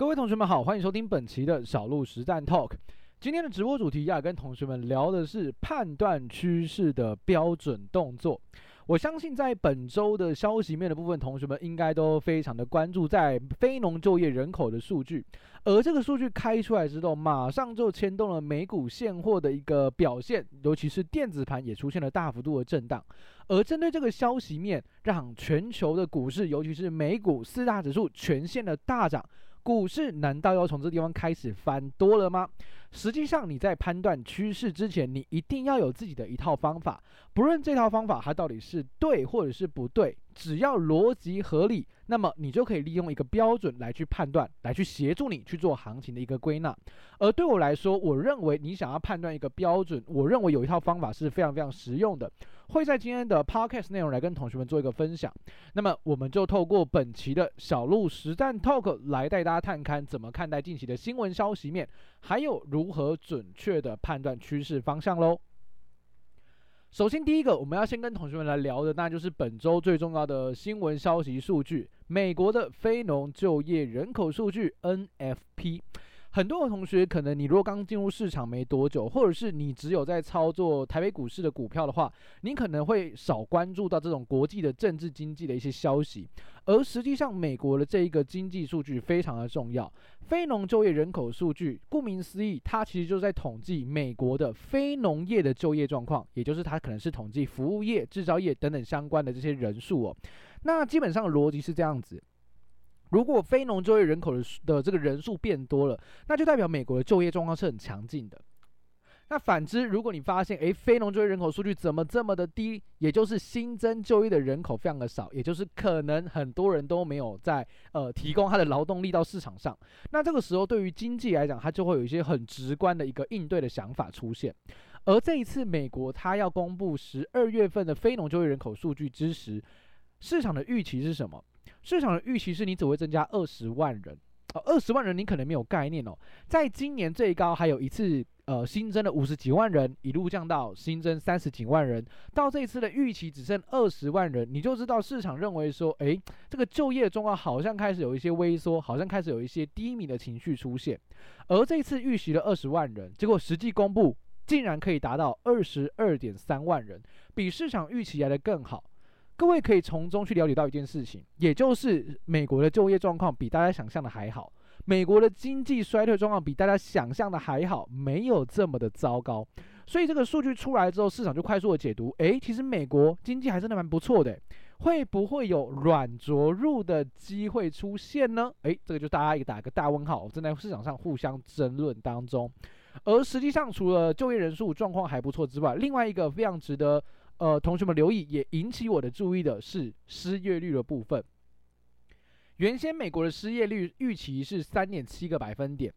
各位同學們好，歡迎收聽本期的小鹿實戰 Talk。今天的直播主題要、啊、跟同學們聊的是判斷趨勢的標準動作。我相信在本週的消息面的部分，同學們應該都非常的關注在非農就業人口的數據，而這個數據開出來之後，馬上就牽動了美股現貨的一個表現，尤其是電子盤也出現了大幅度的震盪。而針對這個消息面，讓全球的股市，尤其是美股四大指數全線的大漲。股市難道要從這地方開始翻多了嗎？實際上你在判斷趨勢之前，你一定要有自己的一套方法，不論這套方法它到底是對或者是不對。只要邏輯合理，那麼你就可以利用一個標準來去判斷，來去協助你去做行情的一個歸納。而對我來說，我認為你想要判斷一個標準，我認為有一套方法是非常非常實用的，會在今天的 Podcast 內容來跟同學們做一個分享。那麼我們就透過本期的小路實戰 talk 來帶大家探看怎麼看待近期的新聞消息面，還有如何準確的判斷趨勢方向嘍。首先，第一個我們要先跟同學們來聊的，那就是本週最重要的新聞消息數據——美國的非農就業人口數據 NFP。很多的同學可能，你如果剛進入市場沒多久，或者是你只有在操作台北股市的股票的話，你可能會少關注到這種國際的政治經濟的一些消息。而實際上，美國的這一個經濟數據非常的重要。非農就業人口數據，顧名思義，它其實就是在統計美國的非農業的就業狀況，也就是它可能是統計服務業、製造業等等相關的這些人數哦。那基本上的邏輯是這樣子。如果非農就業人口的的這個人數變多了，那就代表美國的就業狀況是很強勁的。那反之，如果你發現誒非農就業人口數據怎麼這麼的低，也就是新增就業的人口非常的少，也就是可能很多人都沒有在呃提供他的勞動力到市場上。那這個時候對於經濟來講，它就會有一些很直觀的一個應對的想法出現。而這一次美國它要公布十二月份的非農就業人口數據之時，市場的預期是什麼？市場的預期是你只會增加二十萬人，二十萬人你可能沒有概念哦。在今年最高還有一次，呃，新增的五十幾萬人，一路降到新增三十幾萬人，到這次的預期只剩二十萬人，你就知道市場認為說，誒，這個就業狀況，好像開始有一些萎縮，好像開始有一些低迷的情緒出現。而這次預期的二十萬人，結果實際公布竟然可以達到二十二點三萬人，比市場預期來得更好。各位可以從中去了解到一件事情，也就是美國的就業狀況比大家想象的還好，美國的經濟衰退狀況比大家想象的還好，沒有這麼的糟糕。所以這個數據出來之後，市場就快速的解讀，誒，其實美國經濟還真的蠻不錯的，會不會有軟着陸的機會出現呢？誒，這個就大家一個打一個大問號，正在市場上互相爭論當中。而實際上，除了就業人數狀況還不錯之外，另外一個非常值得。呃，同學們留意，也引起我的注意的是失業率的部分。原先美國的失業率預期是三點七個百分點，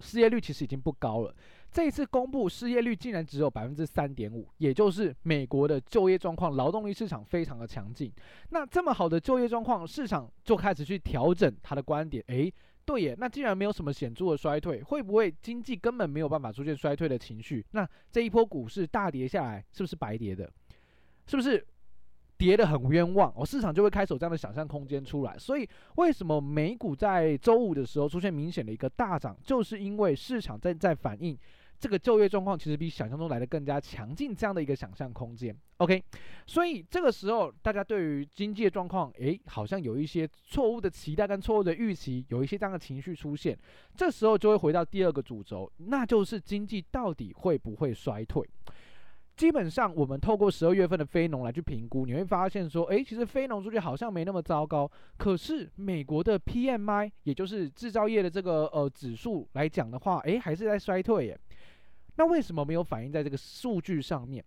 失業率其實已經不高了。這次公布失業率竟然只有百分之三點五，也就是美國的就業狀況、勞動力市場非常的強勁。那這麼好的就業狀況，市場就開始去調整它的觀點。誒，對耶，那既然沒有什麼顯著的衰退，會不會經濟根本沒有辦法出現衰退的情緒？那這一波股市大跌下來，是不是白跌的？是不是跌得很冤枉？我、哦、市場就會開始有這樣的想象空間出來。所以為什麼美股在周五的時候出現明顯的一個大漲，就是因為市場正在反映這個就業狀況其實比想象中來得更加強勁，這樣的一個想象空間。OK，所以這個時候大家對於經濟的狀況，誒，好像有一些錯誤的期待跟錯誤的預期，有一些這樣的情緒出現，這時候就會回到第二個主軸，那就是經濟到底會不會衰退。基本上，我們透過十二月份的非農來去評估，你會發現說，誒，其實非農數據好像沒那麼糟糕。可是，美國的 PMI，也就是製造業的這個呃指數來講的話，誒，還是在衰退耶。那為什麼沒有反映在這個數據上面？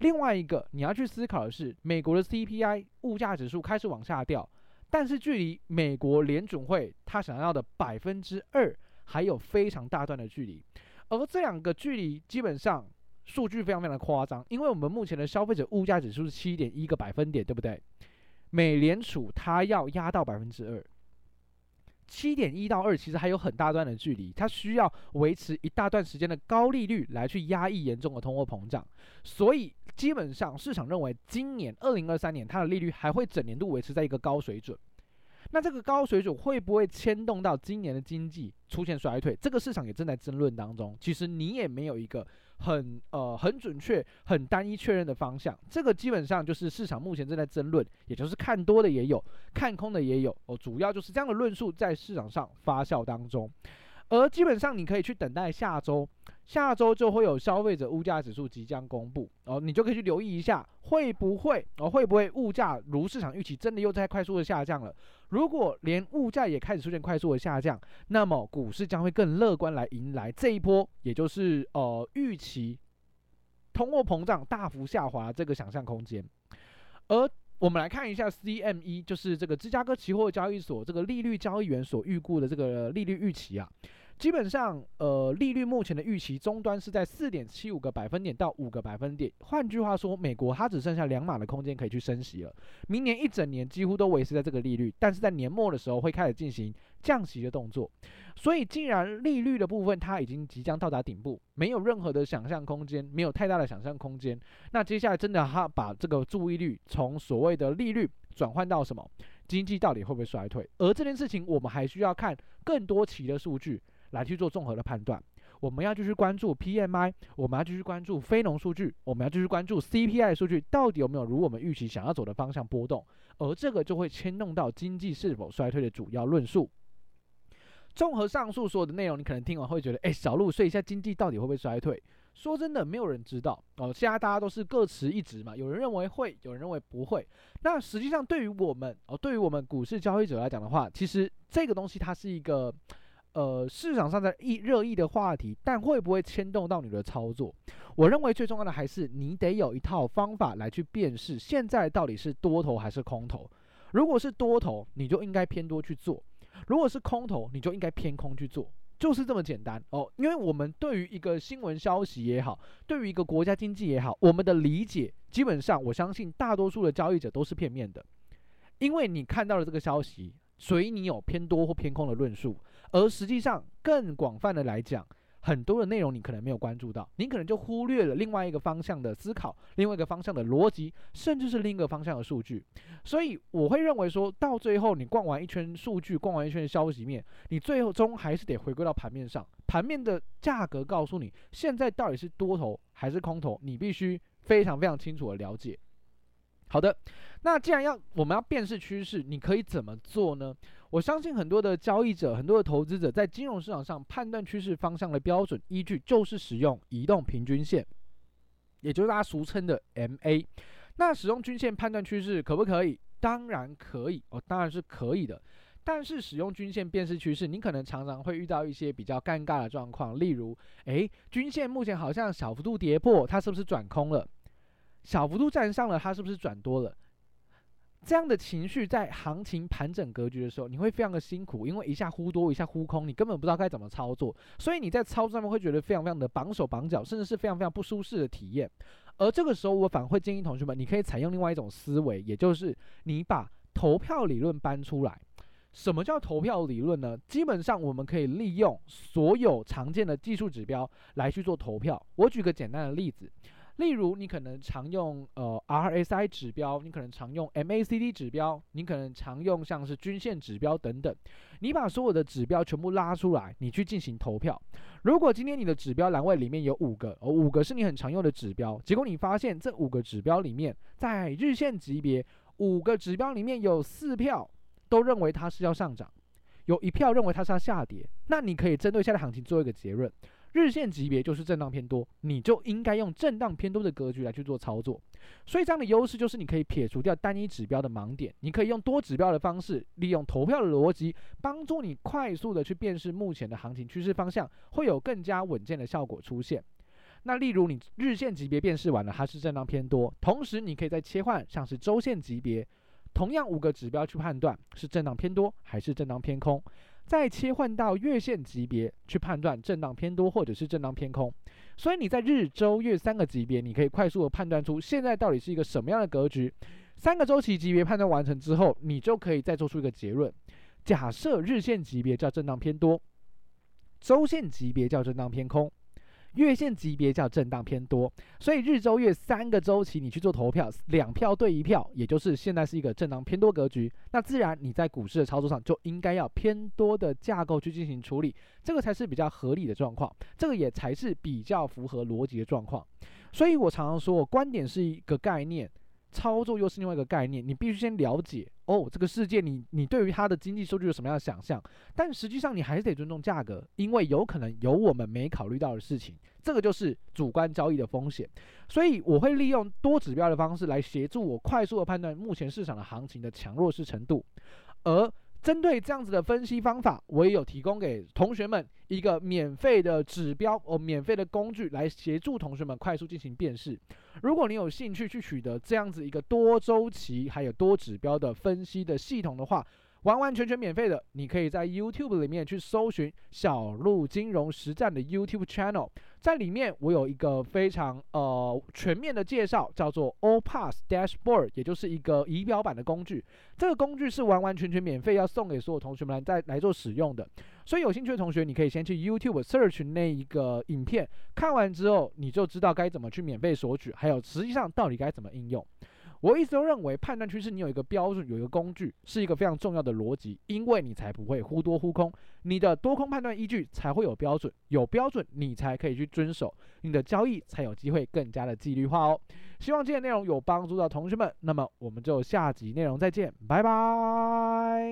另外一個你要去思考的是，美國的 CPI 物價指數開始往下掉，但是距離美國聯準會它想要的百分之二還有非常大段的距離。而這兩個距離基本上。數據非常非常的誇張，因為我們目前的消費者物價指數是七點一個百分點，對不對？美聯儲它要壓到百分之二，七點一到二其實還有很大段的距離，它需要維持一大段時間的高利率來去壓抑嚴重的通貨膨脹，所以基本上市場認為今年二零二三年它的利率還會整年度維持在一個高水準。那這個高水準會不會牽動到今年的經濟出現衰退？這個市場也正在爭論當中。其實你也沒有一個很呃、很準確、很單一確認的方向。這個基本上就是市場目前正在爭論，也就是看多的也有，看空的也有。哦，主要就是這樣的論述在市場上發酵當中。而基本上你可以去等待下周。下週就會有消費者物價指數即將公布，哦，你就可以去留意一下，會不會，哦，會不會物價如市場預期，真的又在快速的下降了？如果連物價也開始出現快速的下降，那麼股市將會更樂觀來迎來這一波，也就是呃，預期通貨膨脹大幅下滑這個想象空間。而我們來看一下 CME，就是這個芝加哥期貨交易所這個利率交易員所預估的這個利率預期啊。基本上，呃，利率目前的預期終端是在四點七五個百分點到五個百分點。換句話說，美國它只剩下兩碼的空間可以去升息了。明年一整年幾乎都維持在這個利率，但是在年末的時候會開始進行降息的動作。所以，既然利率的部分它已經即將到達頂部，沒有任何的想象空間，沒有太大的想象空間。那接下來真的，它把這個注意力從所謂的利率轉換到什麼？經濟到底會不會衰退？而這件事情，我們還需要看更多期的數據。來去做綜合的判斷，我們要繼續關注 PMI，我們要繼續關注非農數據，我們要繼續關注 CPI 數據，到底有沒有如我們預期想要走的方向波動？而這個就會牽動到經濟是否衰退的主要論述。綜合上述所有的內容，你可能聽完會覺得，誒，小路，說一下經濟到底會不會衰退？說真的，沒有人知道哦。現在大家都是各執一詞嘛，有人認為會，有人認為不會。那實際上，對於我們哦，對於我們股市交易者來講的話，其實這個東西它是一個。呃，市場上在熱議的話題，但會不會牽動到你的操作？我認為最重要的還是你得有一套方法來去辨識現在到底是多頭還是空頭。如果是多頭，你就應該偏多去做；如果是空頭，你就應該偏空去做，就是這麼簡單哦。因為我們對於一個新聞消息也好，對於一個國家經濟也好，我們的理解基本上我相信大多數的交易者都是片面的，因為你看到了這個消息，所以你有偏多或偏空的論述。而實際上，更廣泛的來講，很多的內容你可能沒有關注到，你可能就忽略了另外一個方向的思考，另外一個方向的邏輯，甚至是另一個方向的數據。所以我會認為說，說到最後，你逛完一圈數據，逛完一圈消息面，你最終還是得回歸到盤面上，盤面的價格告訴你現在到底是多頭還是空頭，你必須非常非常清楚的了解。好的，那既然要我們要辨識趨勢，你可以怎麼做呢？我相信很多的交易者、很多的投資者在金融市場上判斷趨勢方向的標準依據就是使用移動平均線，也就是大家俗稱的 MA。那使用均線判斷趨勢可不可以？當然可以，哦，當然是可以的。但是使用均線辨識趨勢，你可能常常會遇到一些比較尷尬的狀況，例如，誒、欸，均線目前好像小幅度跌破，它是不是轉空了？小幅度站上了，它是不是轉多了？這樣的情緒在行情盤整格局的時候，你會非常的辛苦，因為一下忽多，一下忽空，你根本不知道該怎麼操作，所以你在操作上面會覺得非常非常的綁手綁腳，甚至是非常非常不舒適的體驗。而這個時候，我反而會建議同學們，你可以採用另外一種思維，也就是你把投票理論搬出來。什麼叫投票理論呢？基本上我們可以利用所有常見的技術指標來去做投票。我舉個簡單的例子。例如，你可能常用呃 RSI 指標，你可能常用 MACD 指標，你可能常用像是均線指標等等。你把所有的指標全部拉出來，你去進行投票。如果今天你的指標欄位裡面有五個，哦，五個是你很常用的指標，結果你發現這五個指標裡面，在日線級別五個指標裡面有四票都認為它是要上漲，有一票認為它是要下跌，那你可以針對現在行情做一個結論。日線級別就是震盪偏多，你就應該用震盪偏多的格局來去做操作，所以這樣的優勢就是你可以撇除掉單一指標的盲點，你可以用多指標的方式，利用投票的邏輯，幫助你快速的去辨識目前的行情趨勢方向，會有更加穩健的效果出現。那例如你日線級別辨識完了它是震盪偏多，同時你可以再切換像是週線級別，同樣五個指標去判斷是震盪偏多還是震盪偏空。再切換到月線級別去判斷震盪偏多或者是震盪偏空，所以你在日、周、月三個級別，你可以快速的判斷出現在到底是一個什麼樣的格局。三個週期級別判斷完成之後，你就可以再做出一個結論。假設日線級別叫震盪偏多，週線級別叫震盪偏空，月線級別叫震盪偏多，所以日周月三個周期你去做投票，兩票對一票，也就是現在是一個震盪偏多格局，那自然你在股市的操作上就應該要偏多的架構去進行處理，這個才是比較合理的狀況，這個也才是比較符合邏輯的狀況，所以我常常說，觀點是一個概念。操作又是另外一個概念，你必須先了解哦，這個世界你，你你對於它的經濟數據有什麼樣的想象？但實際上你還是得尊重價格，因為有可能有我們沒考慮到的事情，這個就是主觀交易的風險。所以我會利用多指標的方式來協助我快速的判斷目前市場的行情的強弱勢程度，而。針對這樣子的分析方法，我也有提供給同學們一個免費的指標哦、呃，免費的工具來協助同學們快速進行辨識。如果你有興趣去取得這樣子一個多周期還有多指標的分析的系統的話，完完全全免費的，你可以在 YouTube 裡面去搜尋“小鹿金融實戰”的 YouTube channel，在裡面我有一個非常呃全面的介紹，叫做 OPUS Dashboard，也就是一個儀表板的工具。這個工具是完完全全免費，要送給所有同學們來再來做使用的。所以有興趣的同學，你可以先去 YouTube search 那一個影片，看完之後你就知道該怎麼去免費索取，還有實際上到底該怎麼應用。我一直都認為，判斷趨勢你有一個標準，有一個工具，是一個非常重要的邏輯，因為你才不會忽多忽空，你的多空判斷依據才會有標準，有標準你才可以去遵守，你的交易才有機會更加的紀律化哦。希望今天內容有幫助到同學們，那麼我們就下集內容再見，拜拜。